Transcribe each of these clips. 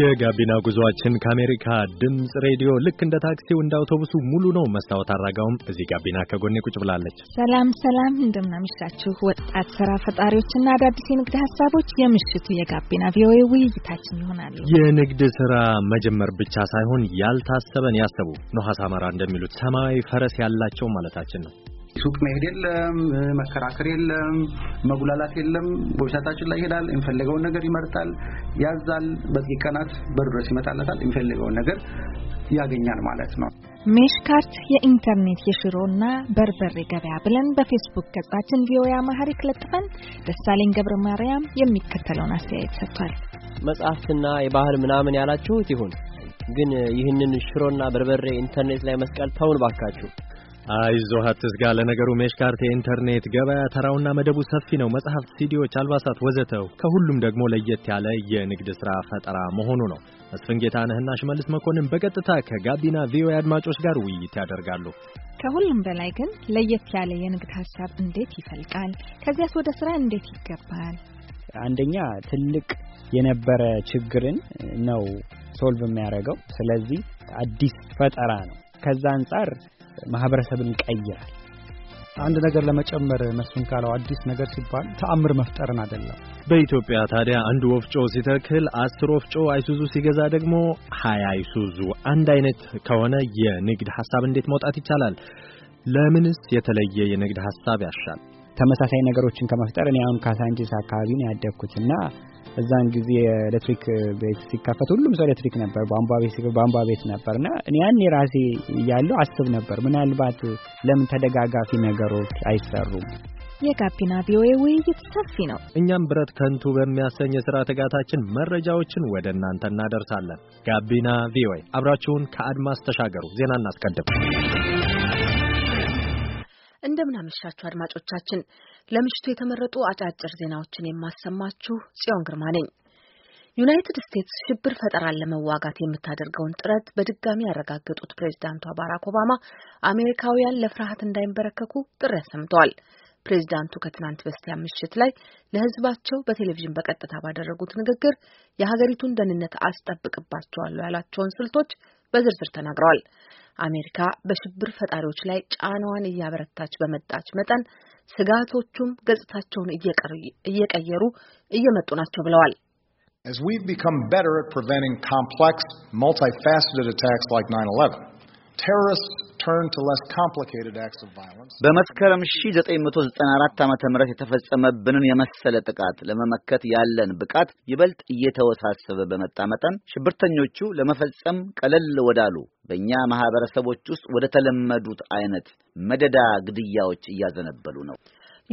የጋቢና ጉዟችን ከአሜሪካ ድምፅ ሬዲዮ ልክ እንደ ታክሲው እንደ አውቶቡሱ ሙሉ ነው። መስታወት አራጋውም እዚህ ጋቢና ከጎኔ ቁጭ ብላለች። ሰላም ሰላም፣ እንደምናመሻችሁ ወጣት ስራ ፈጣሪዎችና አዳዲስ የንግድ ሀሳቦች የምሽቱ የጋቢና ቪኦኤ ውይይታችን ይሆናሉ። የንግድ ስራ መጀመር ብቻ ሳይሆን ያልታሰበን ያሰቡ ነሐስ አማራ እንደሚሉት ሰማያዊ ፈረስ ያላቸው ማለታችን ነው። ሱቅ መሄድ የለም፣ መከራከር የለም፣ መጉላላት የለም። ቦሻታችን ላይ ይሄዳል፣ የሚፈልገውን ነገር ይመርጣል፣ ያዛል። በጥቂት ቀናት ድረስ ይመጣለታል፣ የሚፈልገውን ነገር ያገኛል ማለት ነው። ሜሽካርት የኢንተርኔት የሽሮና በርበሬ ገበያ ብለን በፌስቡክ ገጻችን ቪኦኤ አማህሪክ ለጥፈን ደሳለኝ ገብረ ማርያም የሚከተለውን አስተያየት ሰጥቷል። መጽሐፍትና የባህል ምናምን ያላችሁት ይሁን፣ ግን ይህንን ሽሮና በርበሬ ኢንተርኔት ላይ መስቀል ተውን ባካችሁ። አይዞህ አትስጋ። ለነገሩ ሜሽ የኢንተርኔት ገበያ ተራውና መደቡ ሰፊ ነው። መጽሐፍት፣ ሲዲዎች፣ አልባሳት ወዘተው። ከሁሉም ደግሞ ለየት ያለ የንግድ ስራ ፈጠራ መሆኑ ነው። መስፍን ጌታነህና ሽመልስ መኮንን በቀጥታ ከጋቢና ቪኦኤ አድማጮች ጋር ውይይት ያደርጋሉ። ከሁሉም በላይ ግን ለየት ያለ የንግድ ሀሳብ እንዴት ይፈልቃል? ከዚያስ ወደ ስራ እንዴት ይገባል? አንደኛ ትልቅ የነበረ ችግርን ነው ሶልቭ የሚያደርገው። ስለዚህ አዲስ ፈጠራ ነው። ከዛ አንጻር ማህበረሰብን ይቀይራል። አንድ ነገር ለመጨመር መስፍን ካለው አዲስ ነገር ሲባል ተአምር መፍጠርን አይደለም። በኢትዮጵያ ታዲያ አንድ ወፍጮ ሲተክል አስር ወፍጮ አይሱዙ ሲገዛ ደግሞ ሀያ አይሱዙ አንድ አይነት ከሆነ የንግድ ሀሳብ እንዴት መውጣት ይቻላል? ለምንስ የተለየ የንግድ ሀሳብ ያሻል? ተመሳሳይ ነገሮችን ከመፍጠር እኔ አሁን ካሳንጂስ አካባቢ ነው ያደግኩት እና እዛን ጊዜ ኤሌክትሪክ ቤት ሲከፈት ሁሉም ሰው ኤሌክትሪክ ነበር፣ ቧንቧ ቤት ነበር እና ያኔ ራሴ እያለሁ አስብ ነበር ምናልባት ለምን ተደጋጋፊ ነገሮች አይሰሩም። የጋቢና ቪኦኤ ውይይት ሰፊ ነው። እኛም ብረት ከንቱ በሚያሰኝ የሥራ ትጋታችን መረጃዎችን ወደ እናንተ እናደርሳለን። ጋቢና ቪኦኤ አብራችሁን ከአድማስ ተሻገሩ። ዜና እናስቀድም። እንደምናመሻችሁ አድማጮቻችን፣ ለምሽቱ የተመረጡ አጫጭር ዜናዎችን የማሰማችሁ ጽዮን ግርማ ነኝ። ዩናይትድ ስቴትስ ሽብር ፈጠራን ለመዋጋት የምታደርገውን ጥረት በድጋሚ ያረጋገጡት ፕሬዚዳንቷ ባራክ ኦባማ አሜሪካውያን ለፍርሃት እንዳይንበረከኩ ጥሪ አሰምተዋል። ፕሬዚዳንቱ ከትናንት በስቲያ ምሽት ላይ ለሕዝባቸው በቴሌቪዥን በቀጥታ ባደረጉት ንግግር የሀገሪቱን ደህንነት አስጠብቅባቸዋለሁ ያላቸውን ስልቶች በዝርዝር ተናግረዋል። አሜሪካ በሽብር ፈጣሪዎች ላይ ጫናዋን እያበረታች በመጣች መጠን ስጋቶቹም ገጽታቸውን እየቀየሩ እየመጡ ናቸው ብለዋል። As we've become better at preventing complex, multifaceted attacks like 9/11, በመስከረም 1994 ዓመተ ምህረት የተፈጸመብንን የመሰለ ጥቃት ለመመከት ያለን ብቃት ይበልጥ እየተወሳሰበ በመጣ መጠን ሽብርተኞቹ ለመፈጸም ቀለል ወዳሉ በእኛ ማህበረሰቦች ውስጥ ወደ ተለመዱት አይነት መደዳ ግድያዎች እያዘነበሉ ነው።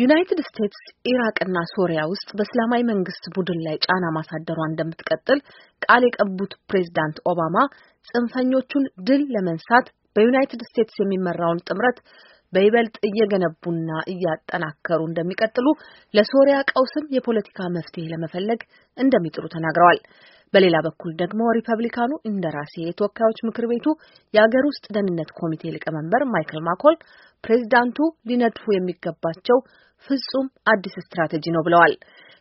ዩናይትድ ስቴትስ ኢራቅና ሶሪያ ውስጥ በእስላማዊ መንግስት ቡድን ላይ ጫና ማሳደሯ እንደምትቀጥል ቃል የቀቡት ፕሬዚዳንት ኦባማ ጽንፈኞቹን ድል ለመንሳት በዩናይትድ ስቴትስ የሚመራውን ጥምረት በይበልጥ እየገነቡና እያጠናከሩ እንደሚቀጥሉ ለሶሪያ ቀውስም የፖለቲካ መፍትሄ ለመፈለግ እንደሚጥሩ ተናግረዋል። በሌላ በኩል ደግሞ ሪፐብሊካኑ እንደራሴ የተወካዮች ምክር ቤቱ የአገር ውስጥ ደህንነት ኮሚቴ ሊቀመንበር ማይክል ማኮል ፕሬዚዳንቱ ሊነድፉ የሚገባቸው ፍጹም አዲስ ስትራቴጂ ነው ብለዋል።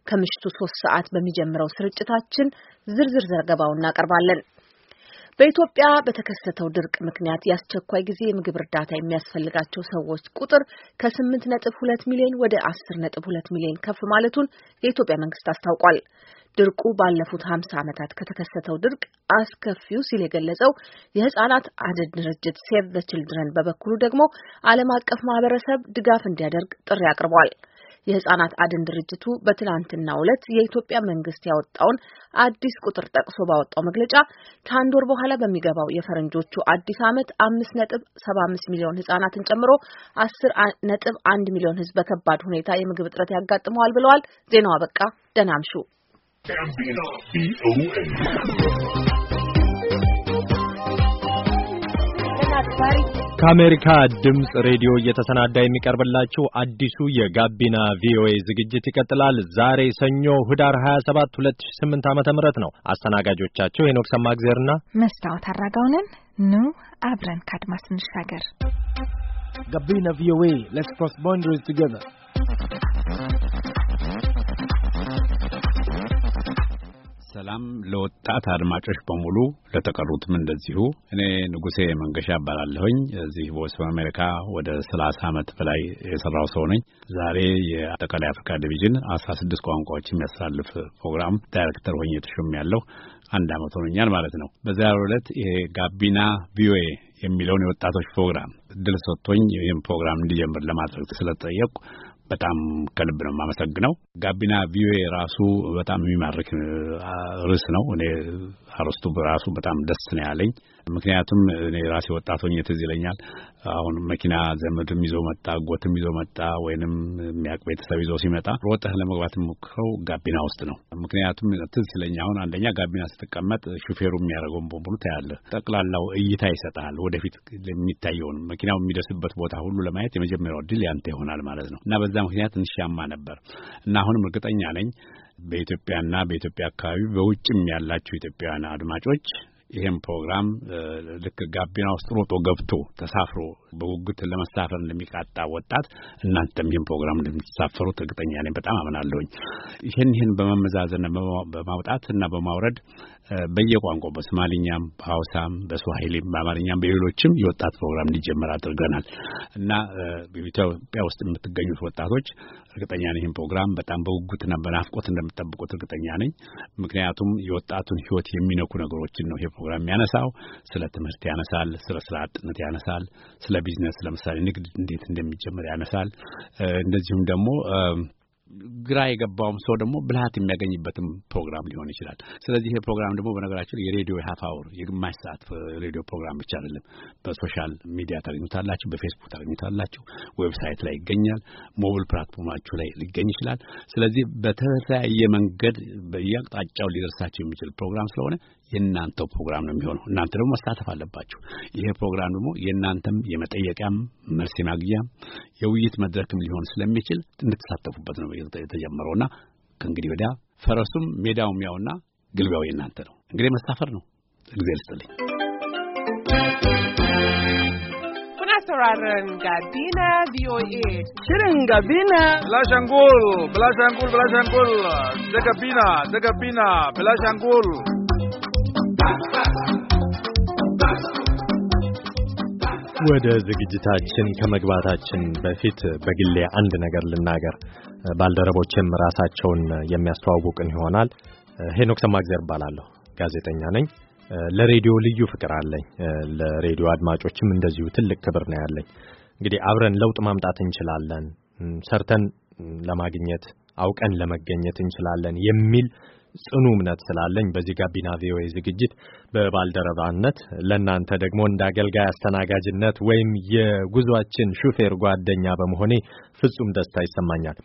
ከምሽቱ ሶስት ሰዓት በሚጀምረው ስርጭታችን ዝርዝር ዘገባው እናቀርባለን። በኢትዮጵያ በተከሰተው ድርቅ ምክንያት የአስቸኳይ ጊዜ የምግብ እርዳታ የሚያስፈልጋቸው ሰዎች ቁጥር ከስምንት ነጥብ ሁለት ሚሊዮን ወደ አስር ነጥብ ሁለት ሚሊዮን ከፍ ማለቱን የኢትዮጵያ መንግስት አስታውቋል። ድርቁ ባለፉት 50 ዓመታት ከተከሰተው ድርቅ አስከፊው ሲል የገለጸው የህጻናት አድን ድርጅት ሴቭ ዘ ችልድረን በበኩሉ ደግሞ ዓለም አቀፍ ማህበረሰብ ድጋፍ እንዲያደርግ ጥሪ አቅርቧል። የህጻናት አድን ድርጅቱ በትላንትናው ዕለት የኢትዮጵያ መንግስት ያወጣውን አዲስ ቁጥር ጠቅሶ ባወጣው መግለጫ ከአንድ ወር በኋላ በሚገባው የፈረንጆቹ አዲስ ዓመት 5.75 ሚሊዮን ህጻናትን ጨምሮ 10.1 ሚሊዮን ህዝብ በከባድ ሁኔታ የምግብ እጥረት ያጋጥመዋል ብለዋል። ዜናው አበቃ። ደህና አምሹ። ከአሜሪካ ድምፅ ሬዲዮ እየተሰናዳ የሚቀርብላችሁ አዲሱ የጋቢና ቪኦኤ ዝግጅት ይቀጥላል። ዛሬ ሰኞ ህዳር 27 2008 ዓ ም ነው። አስተናጋጆቻችሁ ሄኖክ እግዜርና መስታወት አራጋውንን ኑ አብረን ከአድማስ እንሻገር። ጋቢና ቪኦኤ ሌትስ ክሮስ ባውንደሪስ ቱጌዘር ሰላም ለወጣት አድማጮች በሙሉ ለተቀሩትም እንደዚሁ። እኔ ንጉሴ መንገሻ እባላለሁኝ። እዚህ ቮይስ ኦፍ አሜሪካ ወደ ሰላሳ ዓመት በላይ የሰራው ሰው ነኝ። ዛሬ የአጠቃላይ አፍሪካ ዲቪዥን አስራ ስድስት ቋንቋዎች የሚያስተላልፍ ፕሮግራም ዳይሬክተር ሆኜ ያለው አንድ ዓመት ሆኖኛል ማለት ነው። በዛሬው ዕለት ይሄ ጋቢና ቪኦኤ የሚለውን የወጣቶች ፕሮግራም ድል ሰጥቶኝ ይህም ፕሮግራም እንዲጀምር ለማድረግ ስለተጠየቅኩ በጣም ከልብ ነው የማመሰግነው። ጋቢና ቪኦኤ ራሱ በጣም የሚማርክ ርዕስ ነው። እኔ አርስቱ ራሱ በጣም ደስ ነው ያለኝ። ምክንያቱም እኔ ራሴ ወጣት ሆኜ ትዝ ይለኛል። አሁን መኪና ዘመድም ይዞ መጣ፣ ጎትም ይዞ መጣ፣ ወይንም የሚያውቅ ቤተሰብ ይዞ ሲመጣ ሮጠህ ለመግባት የሞክረው ጋቢና ውስጥ ነው። ምክንያቱም ትዝ ሲለኝ አሁን አንደኛ ጋቢና ስትቀመጥ ሹፌሩ የሚያደርገውን በሙሉ ታያለህ። ጠቅላላው እይታ ይሰጣል ወደፊት የሚታየውን መኪናው የሚደርስበት ቦታ ሁሉ ለማየት የመጀመሪያው ድል ያንተ ይሆናል ማለት ነው እና በዛ ምክንያት እንሻማ ነበር እና አሁንም እርግጠኛ ነኝ በኢትዮጵያና በኢትዮጵያ አካባቢ በውጭም ያላችሁ ኢትዮጵያውያን አድማጮች ይህም ፕሮግራም ልክ ጋቢና ውስጥ ሮጦ ገብቶ ተሳፍሮ በጉጉት ለመሳፈር እንደሚቃጣ ወጣት እናንተም ይህን ፕሮግራም እንደምትሳፈሩት እርግጠኛ ነኝ። በጣም አምናለሁኝ። ይህን ይህን በመመዛዘን በማውጣት እና በማውረድ በየቋንቋው በሶማሊኛም፣ በሀውሳም፣ በስዋሂሊም፣ በአማርኛም በሌሎችም የወጣት ፕሮግራም እንዲጀመር አድርገናል እና ኢትዮጵያ ውስጥ የምትገኙት ወጣቶች እርግጠኛ ነኝ ይህን ፕሮግራም በጣም በጉጉትና በናፍቆት እንደምጠብቁት እርግጠኛ ነኝ። ምክንያቱም የወጣቱን ሕይወት የሚነኩ ነገሮችን ነው ይሄ ፕሮግራም የሚያነሳው። ስለ ትምህርት ያነሳል፣ ስለ ስራ አጥነት ያነሳል፣ ስለ ቢዝነስ ለምሳሌ ንግድ እንዴት እንደሚጀምር ያነሳል። እንደዚሁም ደግሞ ግራ የገባውም ሰው ደግሞ ብልሃት የሚያገኝበትም ፕሮግራም ሊሆን ይችላል። ስለዚህ ይሄ ፕሮግራም ደግሞ በነገራችን የሬዲዮ የሀፍ የግማሽ ሰዓት ሬዲዮ ፕሮግራም ብቻ አይደለም። በሶሻል ሚዲያ ታገኙታላችሁ፣ በፌስቡክ ታገኙታላችሁ፣ ዌብሳይት ላይ ይገኛል፣ ሞብል ፕላትፎርማችሁ ላይ ሊገኝ ይችላል። ስለዚህ በተለያየ መንገድ በየአቅጣጫው ሊደርሳቸው የሚችል ፕሮግራም ስለሆነ የእናንተው ፕሮግራም ነው የሚሆነው። እናንተ ደግሞ መሳተፍ አለባችሁ። ይሄ ፕሮግራም ደግሞ የእናንተም የመጠየቂያም መልስ የማግኛም የውይይት መድረክም ሊሆን ስለሚችል እንድትሳተፉበት ነው የተጀመረው እና ከእንግዲህ ወዲያ ፈረሱም ሜዳውም ያውና ግልቢያው የእናንተ ነው። እንግዲህ መሳፈር ነው። እግዚአብሔር ይስጥልኝ። sauraron Gabina VOA. Shirin Gabina. Bilashangul, Bilashangul, Bilashangul. Da Gabina, da ወደ ዝግጅታችን ከመግባታችን በፊት በግሌ አንድ ነገር ልናገር። ባልደረቦችም ራሳቸውን የሚያስተዋውቅን ይሆናል። ሄኖክ ሰማግዜር እባላለሁ፣ ጋዜጠኛ ነኝ። ለሬዲዮ ልዩ ፍቅር አለኝ። ለሬዲዮ አድማጮችም እንደዚሁ ትልቅ ክብር ነው ያለኝ። እንግዲህ አብረን ለውጥ ማምጣት እንችላለን፣ ሰርተን ለማግኘት አውቀን ለመገኘት እንችላለን የሚል ጽኑ እምነት ስላለኝ በዚህ ጋቢና ቪኦኤ ዝግጅት በባልደረባነት ለእናንተ ደግሞ እንደ አገልጋይ አስተናጋጅነት ወይም የጉዟችን ሹፌር ጓደኛ በመሆኔ ፍጹም ደስታ ይሰማኛል።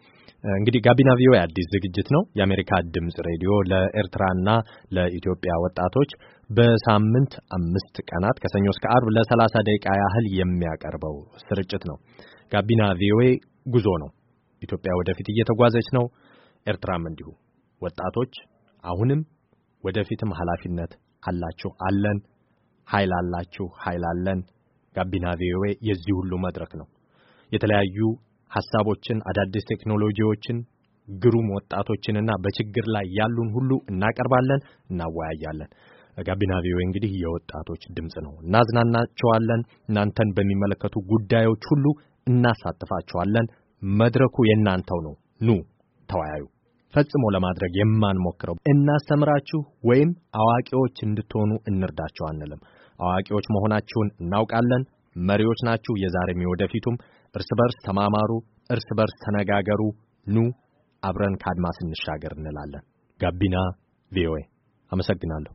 እንግዲህ ጋቢና ቪኦኤ አዲስ ዝግጅት ነው። የአሜሪካ ድምፅ ሬዲዮ ለኤርትራና ለኢትዮጵያ ወጣቶች በሳምንት አምስት ቀናት ከሰኞ እስከ አርብ ለሰላሳ ደቂቃ ያህል የሚያቀርበው ስርጭት ነው። ጋቢና ቪኦኤ ጉዞ ነው። ኢትዮጵያ ወደፊት እየተጓዘች ነው፣ ኤርትራም እንዲሁ ወጣቶች አሁንም ወደፊትም ኃላፊነት አላችሁ፣ አለን። ኃይል አላችሁ፣ ኃይል አለን። ጋቢና ቪኦኤ የዚህ ሁሉ መድረክ ነው። የተለያዩ ሐሳቦችን፣ አዳዲስ ቴክኖሎጂዎችን፣ ግሩም ወጣቶችንና በችግር ላይ ያሉን ሁሉ እናቀርባለን፣ እናወያያለን። ጋቢና ቪኦኤ እንግዲህ የወጣቶች ድምፅ ነው። እናዝናናቸዋለን። እናንተን በሚመለከቱ ጉዳዮች ሁሉ እናሳትፋቸዋለን። መድረኩ የእናንተው ነው። ኑ ተወያዩ። ፈጽሞ ለማድረግ የማንሞክረው። እናስተምራችሁ ወይም አዋቂዎች እንድትሆኑ እንርዳችሁ አንልም። አዋቂዎች መሆናችሁን እናውቃለን። መሪዎች ናችሁ፣ የዛሬም የወደፊቱም። እርስ በርስ ተማማሩ፣ እርስ በርስ ተነጋገሩ። ኑ አብረን ካድማስ እንሻገር እንላለን። ጋቢና ቪኦኤ። አመሰግናለሁ።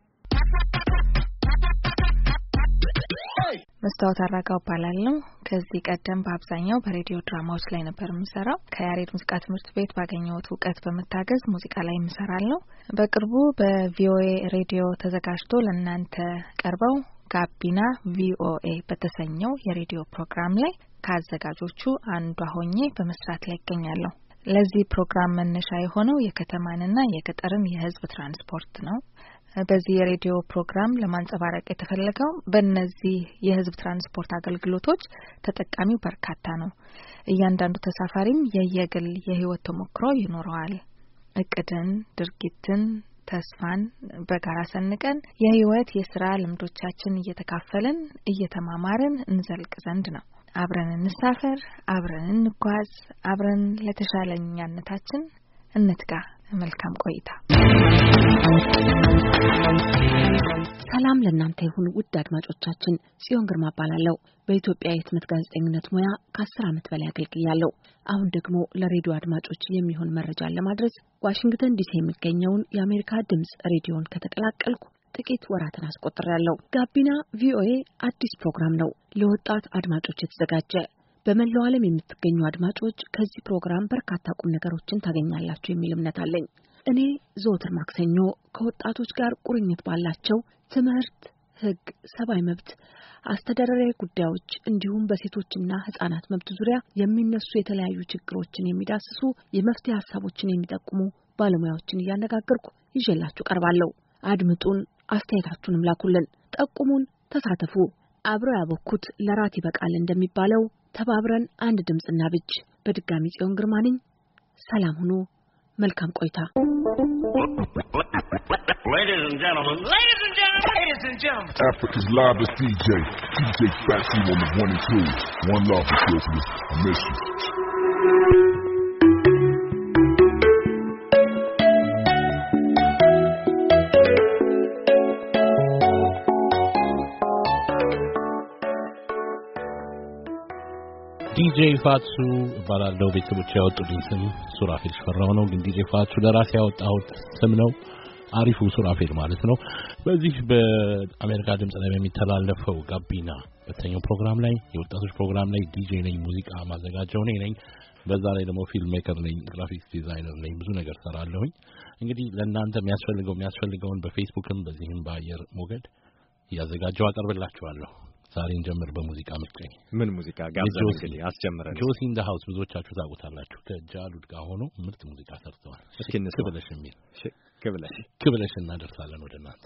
መስታወት አራጋው እባላለሁ። ከዚህ ቀደም በአብዛኛው በሬዲዮ ድራማዎች ላይ ነበር የምሰራው። ከያሬድ ሙዚቃ ትምህርት ቤት ባገኘሁት እውቀት በመታገዝ ሙዚቃ ላይ የምሰራለሁ። በቅርቡ በቪኦኤ ሬዲዮ ተዘጋጅቶ ለእናንተ ቀርበው ጋቢና ቪኦኤ በተሰኘው የሬዲዮ ፕሮግራም ላይ ከአዘጋጆቹ አንዷ ሆኜ በመስራት ላይ ይገኛለሁ። ለዚህ ፕሮግራም መነሻ የሆነው የከተማንና የገጠርን የህዝብ ትራንስፖርት ነው። በዚህ የሬዲዮ ፕሮግራም ለማንጸባረቅ የተፈለገው በእነዚህ የህዝብ ትራንስፖርት አገልግሎቶች ተጠቃሚው በርካታ ነው። እያንዳንዱ ተሳፋሪም የየግል የህይወት ተሞክሮ ይኖረዋል። እቅድን፣ ድርጊትን፣ ተስፋን በጋራ ሰንቀን የህይወት የስራ ልምዶቻችን እየተካፈልን እየተማማርን እንዘልቅ ዘንድ ነው። አብረን እንሳፈር፣ አብረን እንጓዝ፣ አብረን ለተሻለኛነታችን እንትጋ። መልካም ቆይታ። ሰላም ለእናንተ ይሁን ውድ አድማጮቻችን፣ ጽዮን ግርማ እባላለሁ። በኢትዮጵያ የህትመት ጋዜጠኝነት ሙያ ከአስር ዓመት በላይ አገልግያለሁ። አሁን ደግሞ ለሬዲዮ አድማጮች የሚሆን መረጃን ለማድረስ ዋሽንግተን ዲሲ የሚገኘውን የአሜሪካ ድምፅ ሬዲዮን ከተቀላቀልኩ ጥቂት ወራትን አስቆጥሬያለሁ። ጋቢና ቪኦኤ አዲስ ፕሮግራም ነው ለወጣት አድማጮች የተዘጋጀ በመላው ዓለም የምትገኙ አድማጮች ከዚህ ፕሮግራም በርካታ ቁም ነገሮችን ታገኛላችሁ የሚል እምነት አለኝ። እኔ ዘወትር ማክሰኞ ከወጣቶች ጋር ቁርኝት ባላቸው ትምህርት፣ ሕግ፣ ሰብአዊ መብት፣ አስተዳደራዊ ጉዳዮች እንዲሁም በሴቶችና ሕጻናት መብት ዙሪያ የሚነሱ የተለያዩ ችግሮችን የሚዳስሱ የመፍትሄ ሀሳቦችን የሚጠቁሙ ባለሙያዎችን እያነጋገርኩ ይዤላችሁ ቀርባለሁ። አድምጡን፣ አስተያየታችሁንም ላኩልን፣ ጠቁሙን፣ ተሳተፉ። አብረው ያበኩት ለራት ይበቃል እንደሚባለው ተባብረን አንድ ድምፅና ብጅ በድጋሚ ጽዮን ግርማ ነኝ። ሰላም ሁኑ። መልካም ቆይታ። Africa's live is DJ, DJ Fatty on the one and two. One love is your mission. miss ዲጄ ፋትሱ እባላለሁ። ቤተሰቦች ያወጡልኝ ስም ሱራፌል ሽፈራው ነው፣ ግን ዲጄ ፋትሱ ለራሴ ያወጣሁት ስም ነው። አሪፉ ሱራፌል ማለት ነው። በዚህ በአሜሪካ ድምጽ ላይ በሚተላለፈው ጋቢና በተኛው ፕሮግራም ላይ የወጣቶች ፕሮግራም ላይ ዲጄ ነኝ፣ ሙዚቃ ማዘጋጀው እኔ ነኝ። በዛ ላይ ደግሞ ፊልም ሜከር ነኝ፣ ግራፊክስ ዲዛይነር ነኝ፣ ብዙ ነገር ሰራለሁኝ። እንግዲህ ለእናንተ የሚያስፈልገው የሚያስፈልገውን በፌስቡክም በዚህም በአየር ሞገድ እያዘጋጀው አቀርብላችኋለሁ። ዛሬን ጀምር በሙዚቃ ምርጫዬ ምን ሙዚቃ ጋብዘን እንግዲህ አስጀምረን ጆሲ ኢን ዘ ሃውስ ብዙዎቻችሁ ታውቁታላችሁ። ከጃሉድ ጋር ሆኖ ምርጥ ሙዚቃ ሰርተዋል። እስኪ ክብለሽ የሚል ክብለሽ ክብለሽ እናደርሳለን ወደ እናንተ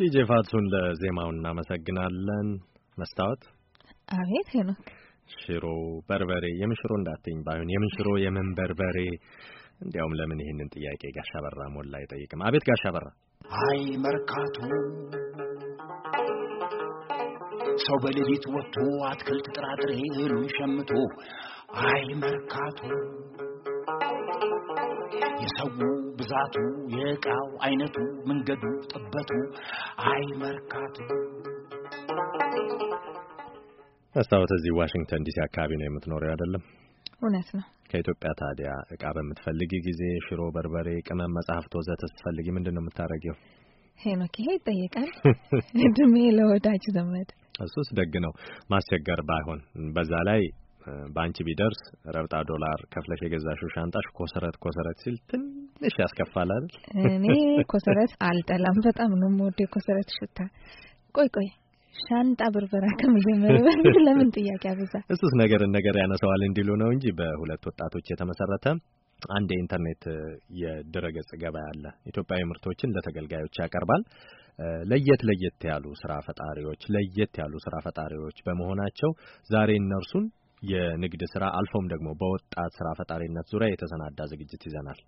ዲጄ ፋቱን ለዜማው እናመሰግናለን። መስታወት አቤት ሄኖክ ሽሮ በርበሬ የምን ሽሮ እንዳትኝ ባይሆን የምን ሽሮ የምን በርበሬ እንዲያውም ለምን ይህንን ጥያቄ ጋሻ በራ ሞላ አይጠይቅም? አቤት ጋሻ በራ አይ መርካቱ ሰው በሌሊት ወጥቶ አትክልት ጥራጥሬ እህሉን ሸምቶ አይ መርካቱ የሰው ብዛቱ የእቃው አይነቱ መንገዱ ጥበቱ አይ መርካቱ መስታወት እዚህ ዋሽንግተን ዲሲ አካባቢ ነው የምትኖረው አይደለም? እውነት ነው። ከኢትዮጵያ ታዲያ እቃ በምትፈልጊ ጊዜ ሽሮ፣ በርበሬ፣ ቅመም፣ መጽሐፍት ወዘተ ስትፈልጊ ምንድን ነው የምታደርጊው? ሄኖክ ይሄ ይጠየቃል። እድሜ ለወዳጅ ዘመድ እሱስ ደግ ነው ማስቸገር ባይሆን በዛ ላይ በአንቺ ቢደርስ ረብጣ ዶላር ከፍለሽ የገዛሽው ሻንጣሽ ኮሰረት ኮሰረት ሲል ትንሽ ያስከፋል አይደል? እኔ ኮሰረት አልጠላም። በጣም ነው የምወደው የኮሰረት ሽታ። ቆይ ቆይ ሻንጣ ብርበራ ከመጀመሩ በፊት ለምን ጥያቄ አበዛ? እሱስ ነገርን ነገር ያነሰዋል እንዲሉ ነው እንጂ በሁለት ወጣቶች የተመሰረተ አንድ የኢንተርኔት የድረገጽ ገበያ አለ። ኢትዮጵያዊ ምርቶችን ለተገልጋዮች ያቀርባል። ለየት ለየት ያሉ ስራ ፈጣሪዎች ለየት ያሉ ስራ ፈጣሪዎች በመሆናቸው ዛሬ እነርሱን የንግድ ስራ አልፎም ደግሞ በወጣት ስራ ፈጣሪነት ዙሪያ የተሰናዳ ዝግጅት ይዘናል።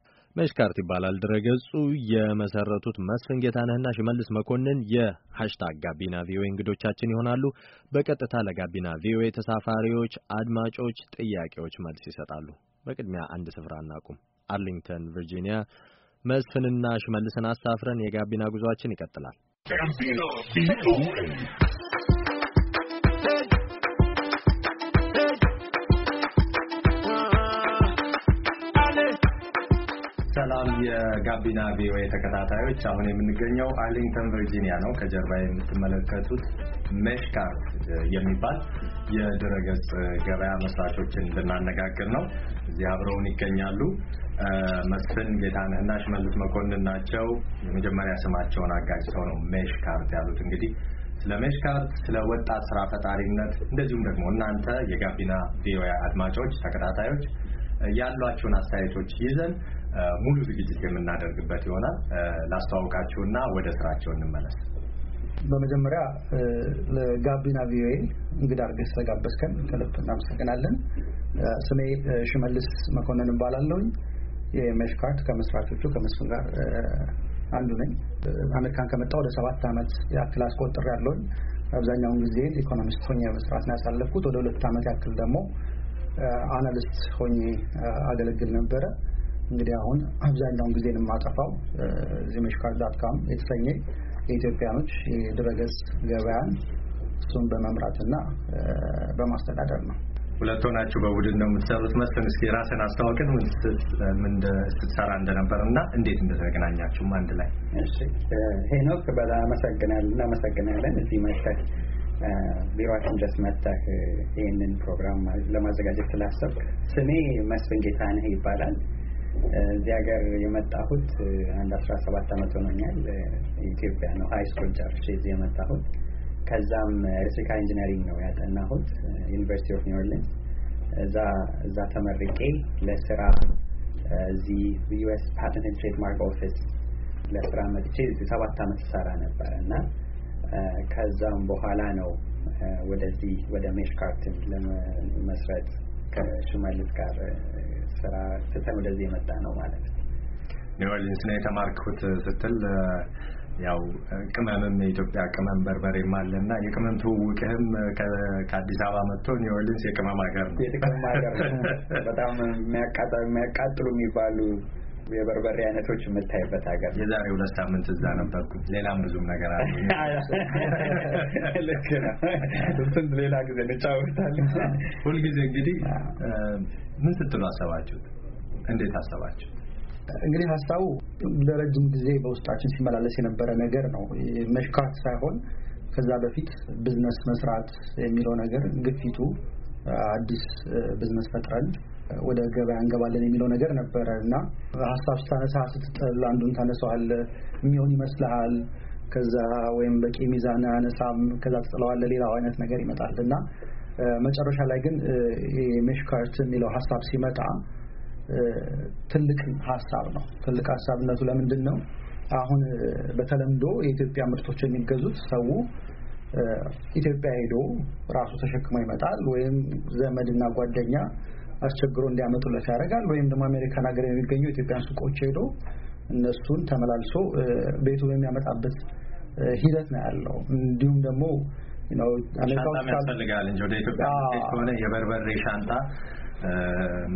መሽካርት ይባላል ድረገጹ። የመሰረቱት መስፍን ጌታነህና ሽመልስ መኮንን የሀሽታግ ጋቢና ቪኦኤ እንግዶቻችን ይሆናሉ። በቀጥታ ለጋቢና ቪኦኤ ተሳፋሪዎች፣ አድማጮች ጥያቄዎች መልስ ይሰጣሉ። በቅድሚያ አንድ ስፍራ እናቁም። አርሊንግተን ቨርጂኒያ መስፍንና ሽመልስን አሳፍረን የጋቢና ጉዟችን ይቀጥላል። የጋቢና ቪኦኤ ተከታታዮች አሁን የምንገኘው አርሊንግተን ቨርጂኒያ ነው። ከጀርባ የምትመለከቱት ሜሽካርት የሚባል የድረገጽ ገበያ መስራቾችን ልናነጋግር ነው። እዚህ አብረውን ይገኛሉ። መስፍን ጌታነህና ሽመልስ መኮንን ናቸው። የመጀመሪያ ስማቸውን አጋጭተው ነው ሜሽ ካርት ያሉት። እንግዲህ ስለ ሜሽካርት፣ ስለ ወጣት ስራ ፈጣሪነት እንደዚሁም ደግሞ እናንተ የጋቢና ቪኦኤ አድማጮች ተከታታዮች ያሏቸውን አስተያየቶች ይዘን ሙሉ ዝግጅት የምናደርግበት ይሆናል። ላስተዋውቃችሁና ወደ ስራቸው እንመለስ። በመጀመሪያ ለጋቢና ቪኦኤ እንግዳ አድርገህ ስለጋበዝከን ከልብ እናመሰግናለን። ስሜ ሽመልስ መኮንን እባላለሁ። የሜሽካርት ከመስራቾቹ ከመስፍን ጋር አንዱ ነኝ። አሜሪካን ከመጣ ወደ ሰባት ዓመት ያክል አስቆጥር ያለውኝ አብዛኛውን ጊዜ ኢኮኖሚስት ሆኜ መስራት ነው ያሳለፍኩት። ወደ ሁለት ዓመት ያክል ደግሞ አናሊስት ሆኜ አገለግል ነበረ። እንግዲህ አሁን አብዛኛውን ጊዜን የማጠፋው ዚሜሽካር ዳት ካም የተሰኘ የኢትዮጵያኖች የድረገጽ ገበያን እሱን በመምራት በመምራትና በማስተዳደር ነው። ሁለት ሆናችሁ በቡድን ነው የምትሰሩት። መስፍን እስኪ ራስን አስተዋውቅን፣ ምን ስትሰራ እንደነበር እና እንዴት እንደተገናኛችሁም አንድ ላይ። ሄኖክ በጣም አመሰግናል። እናመሰግናለን እዚህ መጥተህ ቢሮችን ድረስ መጥተህ ይህንን ፕሮግራም ለማዘጋጀት ስላሰብክ። ስሜ መስፍን ጌታነህ ይባላል። እዚህ ሀገር የመጣሁት አንድ አስራ ሰባት አመት ሆኖኛል። ኢትዮጵያ ነው ሀይ ስኩል ጨርሼ እዚህ የመጣሁት። ከዛም ኤሌክትሪካ ኢንጂነሪንግ ነው ያጠናሁት ዩኒቨርሲቲ ኦፍ ኒው ኦርሊንስ። እዛ እዛ ተመርቄ ለስራ እዚህ ዩኤስ ፓተንት ትሬድማርክ ኦፊስ ለስራ መጥቼ እዚህ ሰባት አመት ሰራ ነበር እና ከዛም በኋላ ነው ወደዚህ ወደ ሜሽ ካርትን ለመስረት ከሽመልስ ጋር ስራ ትተን ወደዚህ የመጣ ነው ማለት ነው። ኒው ኦርሊንስ ነው የተማርኩት ስትል ያው ቅመምም የኢትዮጵያ ቅመም በርበሬም አለና የቅመም ትውውቅህም ከአዲስ አበባ መጥቶ ኒው ኦርሊንስ የቅመም ሀገር ነው። የቅመም ሀገር በጣም የሚያቃጥሉ የሚባሉ የበርበሬ አይነቶች የምታይበት ሀገር። የዛሬ ሁለት ሳምንት እዛ ነበርኩ። ሌላም ብዙም ነገር አለ። ልክ ነው። እሱን ሌላ ጊዜ እንጫወታለን። ሁልጊዜ እንግዲህ ምን ስትሉ አሰባችሁት? እንዴት አሰባችሁ? እንግዲህ ሀሳቡ ለረጅም ጊዜ በውስጣችን ሲመላለስ የነበረ ነገር ነው። መሽካት ሳይሆን ከዛ በፊት ብዝነስ መስራት የሚለው ነገር ግፊቱ አዲስ ብዝነስ ፈጥረን ወደ ገበያ እንገባለን የሚለው ነገር ነበረ እና ሀሳብ ስታነሳ ስትጥል አንዱን ታነሰዋል የሚሆን ይመስልሃል ከዛ ወይም በቂ ሚዛን አነሳም ከዛ ትጥለዋለ ሌላው አይነት ነገር ይመጣል እና መጨረሻ ላይ ግን ሜሽካርት የሚለው ሀሳብ ሲመጣ ትልቅ ሀሳብ ነው። ትልቅ ሀሳብነቱ ለምንድን ነው? አሁን በተለምዶ የኢትዮጵያ ምርቶች የሚገዙት ሰው ኢትዮጵያ ሄዶ ራሱ ተሸክሞ ይመጣል፣ ወይም ዘመድና ጓደኛ አስቸግሮ እንዲያመጡለት ያደርጋል። ወይም ደግሞ አሜሪካን ሀገር የሚገኙ ኢትዮጵያን ሱቆች ሄዶ እነሱን ተመላልሶ ቤቱ የሚያመጣበት ሂደት ነው ያለው። እንዲሁም ደግሞ ሻንጣ ያስፈልጋል እንጂ ወደ ኢትዮጵያ ከሆነ የበርበሬ ሻንጣ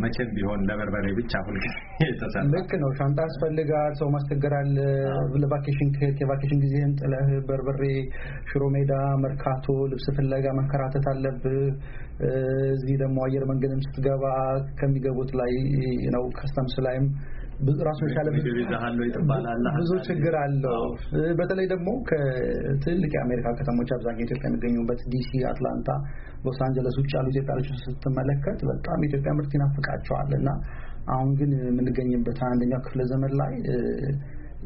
መቼም ቢሆን ለበርበሬ ብቻ ሁልጊዜ የተሰራ ልክ ነው። ሻንጣ ያስፈልጋል። ሰው ማስቸገራል። ለቫኬሽን ክህት የቫኬሽን ጊዜህን ጥለህ በርበሬ፣ ሽሮ ሜዳ፣ መርካቶ ልብስ ፍለጋ መንከራተት አለብህ። እዚህ ደግሞ አየር መንገድም ስትገባ ከሚገቡት ላይ ነው ከስተምስ ላይም ራሱ የቻለ ብዙ ችግር አለው። በተለይ ደግሞ ከትልቅ የአሜሪካ ከተሞች አብዛኛው ኢትዮጵያ የሚገኙበት ዲሲ፣ አትላንታ፣ ሎስ አንጀለስ ውጭ ያሉ ኢትዮጵያ ስትመለከት በጣም ኢትዮጵያ ምርት ይናፍቃቸዋል እና አሁን ግን የምንገኝበት አንደኛው ክፍለ ዘመን ላይ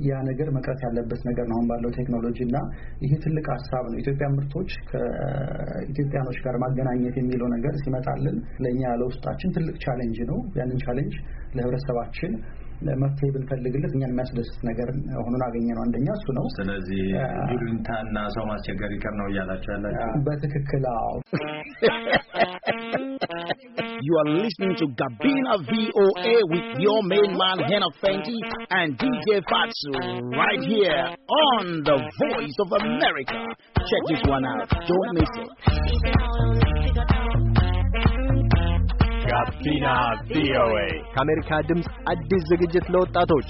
ያ ነገር መቅረት ያለበት ነገር ነው። አሁን ባለው ቴክኖሎጂ እና ይሄ ትልቅ ሀሳብ ነው። ኢትዮጵያ ምርቶች ከኢትዮጵያኖች ጋር ማገናኘት የሚለው ነገር ሲመጣልን ለእኛ ለውስጣችን ትልቅ ቻሌንጅ ነው። ያንን ቻሌንጅ ለህብረተሰባችን መፍትሄ ብንፈልግለት እኛን የሚያስደስት ነገር ሆኖን አገኘ ነው። አንደኛ እሱ ነው። ስለዚህ ሰው ማስቸገር ነው እያላቸው ያላቸው በትክክል አዎ። You are listening to Gabina VOA with your main man Henna Fenty and DJ Fatsu right here on the Voice of America. Check this one out. Don't miss it. ጋቢና ቪኦኤ ከአሜሪካ ድምፅ አዲስ ዝግጅት ለወጣቶች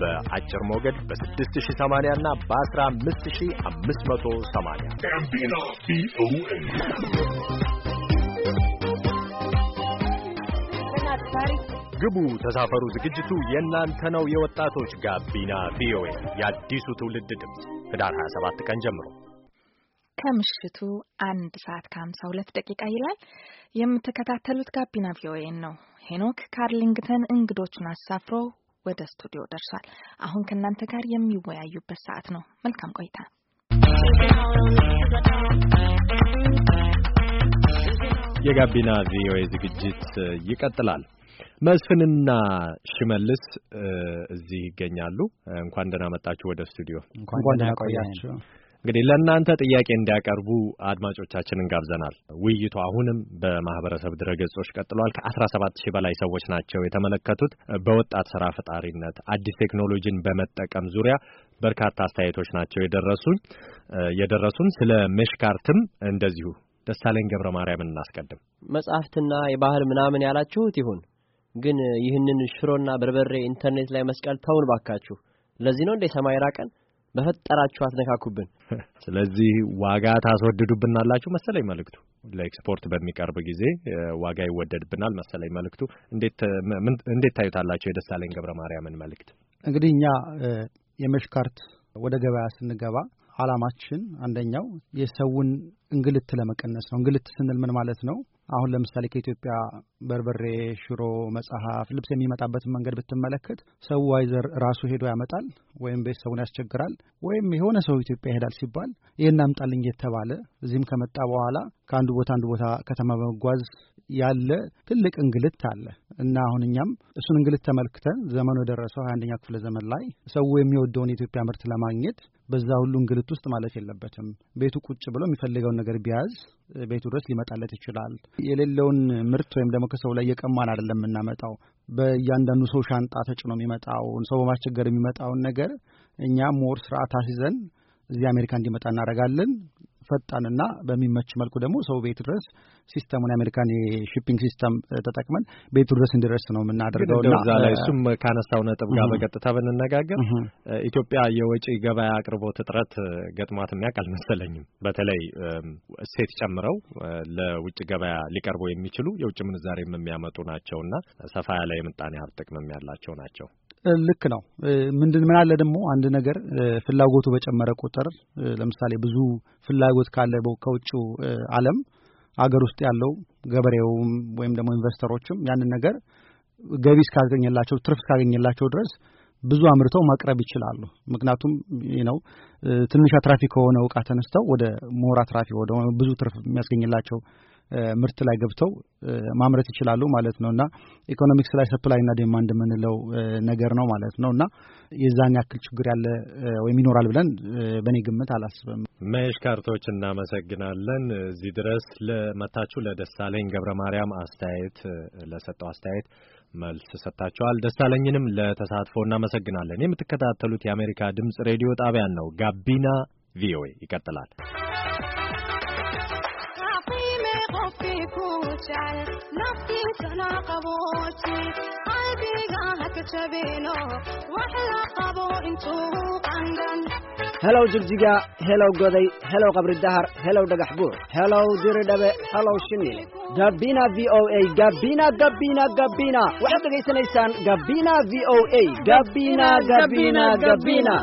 በአጭር ሞገድ በ6080 እና በ15580 ጋቢና ቪኦኤ ግቡ፣ ተሳፈሩ። ዝግጅቱ የእናንተ ነው። የወጣቶች ጋቢና ቪኦኤ የአዲሱ ትውልድ ድምፅ ህዳር 27 ቀን ጀምሮ ከምሽቱ አንድ ሰዓት ከሀምሳ ሁለት ደቂቃ ይላል። የምትከታተሉት ጋቢና ቪኦኤን ነው። ሄኖክ ካርሊንግተን እንግዶቹን አሳፍሮ ወደ ስቱዲዮ ደርሷል። አሁን ከእናንተ ጋር የሚወያዩበት ሰዓት ነው። መልካም ቆይታ። የጋቢና ቪኦኤ ዝግጅት ይቀጥላል። መስፍንና ሽመልስ እዚህ ይገኛሉ። እንኳን ደህና መጣችሁ ወደ ስቱዲዮ። እንኳን ደህና ቆያችሁ። እንግዲህ ለእናንተ ጥያቄ እንዲያቀርቡ አድማጮቻችንን ጋብዘናል። ውይይቱ አሁንም በማህበረሰብ ድረገጾች ቀጥሏል። ከአስራ ሰባት ሺህ በላይ ሰዎች ናቸው የተመለከቱት። በወጣት ስራ ፈጣሪነት አዲስ ቴክኖሎጂን በመጠቀም ዙሪያ በርካታ አስተያየቶች ናቸው የደረሱን የደረሱን ስለ መሽካርትም እንደዚሁ ደሳለኝ ገብረ ማርያምን እናስቀድም። መጽሐፍትና የባህል ምናምን ያላችሁት ይሁን፣ ግን ይህንን ሽሮና በርበሬ ኢንተርኔት ላይ መስቀል ተውን ባካችሁ። ለዚህ ነው እንደ ሰማይ ራቀን በፈጠራችሁ አስነካኩብን። ስለዚህ ዋጋ ታስወድዱብናላችሁ መሰለኝ መልእክቱ። ለኤክስፖርት በሚቀርብ ጊዜ ዋጋ ይወደድብናል መሰለኝ መልእክቱ። እንዴት እንዴት ታዩታላችሁ የደሳለኝ ገብረ ማርያምን መልእክት? እንግዲህ እኛ የመሽካርት ወደ ገበያ ስንገባ አላማችን አንደኛው የሰውን እንግልት ለመቀነስ ነው። እንግልት ስንል ምን ማለት ነው? አሁን ለምሳሌ ከኢትዮጵያ በርበሬ፣ ሽሮ፣ መጽሐፍ፣ ልብስ የሚመጣበትን መንገድ ብትመለከት ሰው ዋይዘር ራሱ ሄዶ ያመጣል፣ ወይም ቤተሰቡን ያስቸግራል፣ ወይም የሆነ ሰው ኢትዮጵያ ይሄዳል ሲባል ይህን አምጣልኝ የተባለ እዚህም ከመጣ በኋላ ከአንዱ ቦታ አንዱ ቦታ ከተማ በመጓዝ ያለ ትልቅ እንግልት አለ። እና አሁን እኛም እሱን እንግልት ተመልክተን ዘመኑ የደረሰው ሀያ አንደኛው ክፍለ ዘመን ላይ ሰው የሚወደውን የኢትዮጵያ ምርት ለማግኘት በዛ ሁሉ እንግልት ውስጥ ማለፍ የለበትም። ቤቱ ቁጭ ብሎ የሚፈልገውን ነገር ቢያዝ ቤቱ ድረስ ሊመጣለት ይችላል። የሌለውን ምርት ወይም ደግሞ ከሰው ላይ የቀማን አይደለም የምናመጣው በእያንዳንዱ ሰው ሻንጣ ተጭኖ የሚመጣውን ሰው በማስቸገር የሚመጣውን ነገር እኛ ሞር ስርዓት አስይዘን እዚህ አሜሪካ እንዲመጣ እናደርጋለን። ፈጣንና በሚመች መልኩ ደግሞ ሰው ቤቱ ድረስ ሲስተሙን የአሜሪካን የሺፒንግ ሲስተም ተጠቅመን ቤቱ ድረስ እንዲደርስ ነው የምናደርገው። እዛ ላይ እሱም ካነሳው ነጥብ ጋር በቀጥታ ብንነጋገር ኢትዮጵያ የወጪ ገበያ አቅርቦት እጥረት ገጥሟት የሚያውቅ አልመሰለኝም። በተለይ እሴት ጨምረው ለውጭ ገበያ ሊቀርቡ የሚችሉ የውጭ ምንዛሬም የሚያመጡ ናቸውና ሰፋ ያለ የምጣኔ ሀብት ጥቅምም ያላቸው ናቸው። ልክ ነው። ምንድን ምን አለ ደግሞ አንድ ነገር ፍላጎቱ በጨመረ ቁጥር ለምሳሌ ብዙ ፍላጎት ካለ ከውጭው ዓለም አገር ውስጥ ያለው ገበሬውም ወይም ደግሞ ኢንቨስተሮችም ያንን ነገር ገቢ እስካገኘላቸው ትርፍ እስካገኘላቸው ድረስ ብዙ አምርተው ማቅረብ ይችላሉ። ምክንያቱም ነው ትንሽ አትራፊ ከሆነ እቃ ተነስተው ወደ ሞራ አትራፊ ወደ ብዙ ትርፍ የሚያስገኝላቸው ምርት ላይ ገብተው ማምረት ይችላሉ ማለት ነው እና ኢኮኖሚክስ ላይ ሰፕላይና ዲማንድ የምንለው ነገር ነው ማለት ነው እና የዛን ያክል ችግር ያለ ወይም ይኖራል ብለን በእኔ ግምት አላስብም። መሽ ካርቶች እናመሰግናለን። እዚህ ድረስ ለመታችሁ ለደሳለኝ ገብረ ማርያም አስተያየት ለሰጠው አስተያየት መልስ ሰጥታችኋል። ደሳለኝንም ለተሳትፎ እናመሰግናለን። የምትከታተሉት የአሜሪካ ድምጽ ሬዲዮ ጣቢያን ነው። ጋቢና ቪኦኤ ይቀጥላል። وفي كوت شعر نفسي سهنا قبوتي قلبي قاهك تبينو وحلا قبو انتو قندن helow jigjiga helow goday helow qabri dahar helow dhagax buur helow diridhabe helow shimile gabina v o a gabina gabina gabina waxaad dhegaysanaysaan gabina v o a gabina gabina gabina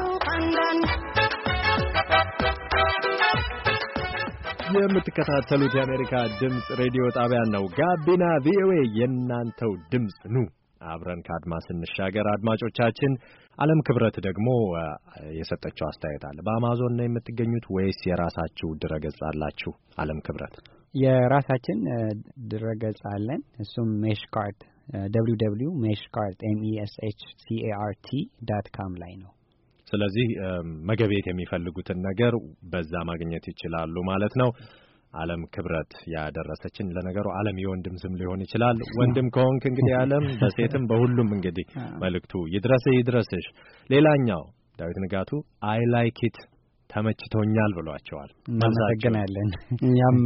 የምትከታተሉት የአሜሪካ ድምፅ ሬዲዮ ጣቢያን ነው። ጋቢና ቪኦኤ የእናንተው ድምፅ ኑ አብረን ከአድማስ እንሻገር። አድማጮቻችን፣ አለም ክብረት ደግሞ የሰጠችው አስተያየት አለ። በአማዞን ነው የምትገኙት ወይስ የራሳችሁ ድረገጽ አላችሁ? አለም ክብረት፣ የራሳችን ድረገጽ አለን። እሱም ሜሽካርት ደብሊው ደብሊው ሜሽካርት ኤም ኢ ኤስ ኤች ሲ ኤ አር ቲ ዳት ካም ላይ ነው ስለዚህ መገቤት የሚፈልጉትን ነገር በዛ ማግኘት ይችላሉ ማለት ነው። አለም ክብረት ያደረሰችን። ለነገሩ አለም የወንድም ስም ሊሆን ይችላል። ወንድም ከሆንክ እንግዲህ አለም በሴትም በሁሉም እንግዲህ መልእክቱ ይድረስ ይድረስሽ። ሌላኛው ዳዊት ንጋቱ አይ ላይክ ኢት ተመችቶኛል ብሏቸዋል። እናመሰግናለን። እኛም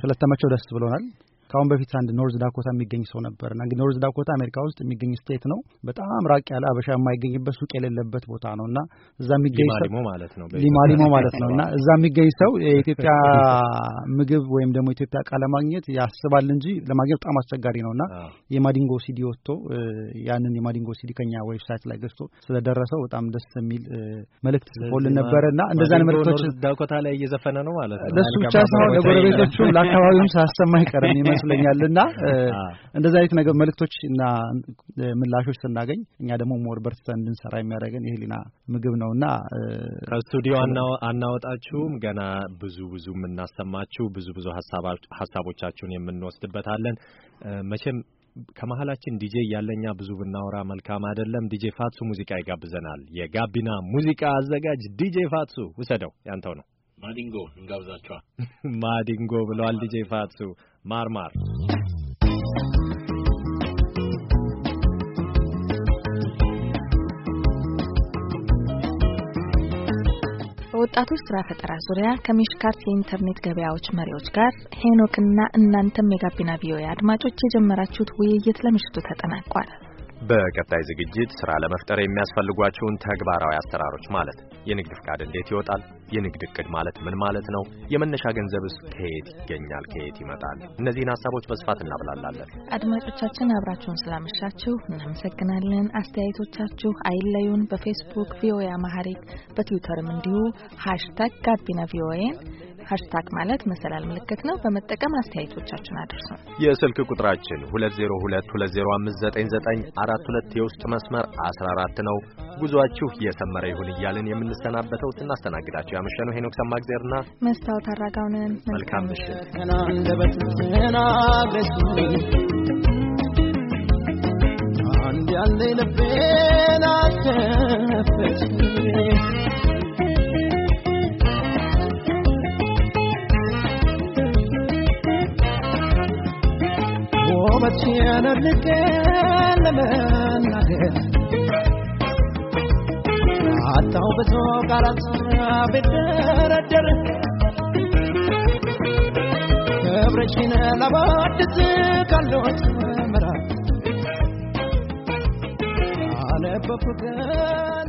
ስለተመቸው ደስ ብሎናል። ከአሁን በፊት አንድ ኖርዝ ዳኮታ የሚገኝ ሰው ነበር እና ኖርዝ ዳኮታ አሜሪካ ውስጥ የሚገኝ ስቴት ነው። በጣም ራቅ ያለ አበሻ የማይገኝበት ሱቅ የሌለበት ቦታ ነው እና እዛ የሚገኝ ሰው ሊማሊሞ ማለት ነው እና እዛ የሚገኝ ሰው የኢትዮጵያ ምግብ ወይም ደግሞ ኢትዮጵያ እቃ ለማግኘት ያስባል እንጂ ለማግኘት በጣም አስቸጋሪ ነው እና የማዲንጎ ሲዲ ወጥቶ ያንን የማዲንጎ ሲዲ ከኛ ዌብሳይት ላይ ገዝቶ ስለደረሰው በጣም ደስ የሚል መልእክት ጽፎልን ነበር እና እንደዛ መልእክቶች ዳኮታ ላይ እየዘፈነ ነው ማለት ነው ለሱ ብቻ ሳይሆን ለጎረቤቶቹ ለአካባቢውም ሳያሰማ አይቀርም ይመስል ይመስለኛልና እንደዚህ አይነት ነገር መልእክቶች እና ምላሾች ስናገኝ እኛ ደግሞ ሞር በርትተን እንድንሰራ የሚያደርገን የህሊና ምግብ ነውና ከስቱዲዮ አናወጣችሁም። ገና ብዙ ብዙ የምናሰማችሁ ብዙ ብዙ ሀሳቦቻችሁን የምንወስድበታለን መቼም ከመሀላችን ዲጄ እያለኛ ብዙ ብናወራ መልካም አይደለም። ዲጄ ፋትሱ ሙዚቃ ይጋብዘናል። የጋቢና ሙዚቃ አዘጋጅ ዲጄ ፋትሱ ውሰደው፣ ያንተው ነው። ማዲንጎ እንጋብዛቸዋል። ማዲንጎ ብለዋል ዲጄ ፋትሱ ማርማር በወጣቶች ስራ ፈጠራ ዙሪያ ከሚሽካርት የኢንተርኔት ገበያዎች መሪዎች ጋር ሄኖክና እናንተም የጋቢና ቪኦኤ አድማጮች የጀመራችሁት ውይይት ለምሽቱ ተጠናቋል። በቀጣይ ዝግጅት ስራ ለመፍጠር የሚያስፈልጓቸውን ተግባራዊ አሰራሮች ማለት የንግድ ፍቃድ እንዴት ይወጣል፣ የንግድ እቅድ ማለት ምን ማለት ነው፣ የመነሻ ገንዘብስ ከየት ይገኛል፣ ከየት ይመጣል፣ እነዚህን ሀሳቦች በስፋት እናብላላለን። አድማጮቻችን አብራችሁን ስላመሻችሁ እናመሰግናለን። አስተያየቶቻችሁ አይለዩን። በፌስቡክ ቪኦኤ አማሐሪክ፣ በትዊተርም እንዲሁ ሃሽታግ ጋቢና ቪኦኤን ሀሽታግ ማለት መሰላል ምልክት ነው በመጠቀም አስተያየቶቻችን አድርሱ። የስልክ ቁጥራችን 2022059942 የውስጥ መስመር 14 ነው። ጉዟችሁ የሰመረ ይሁን እያልን የምንሰናበተው ስናስተናግዳችሁ ያመሸነው ሄኖክ ሰማግዜርና መስታወት አራጋውነን። መልካም ምሽት አንድ ውበትሽን አድንቄ ለመናገር አጣሁ ብዙ ቃላት ብደረደር ክብርሽን ላባድስ ካለወት ምዕራፍ አነበብኩ ግን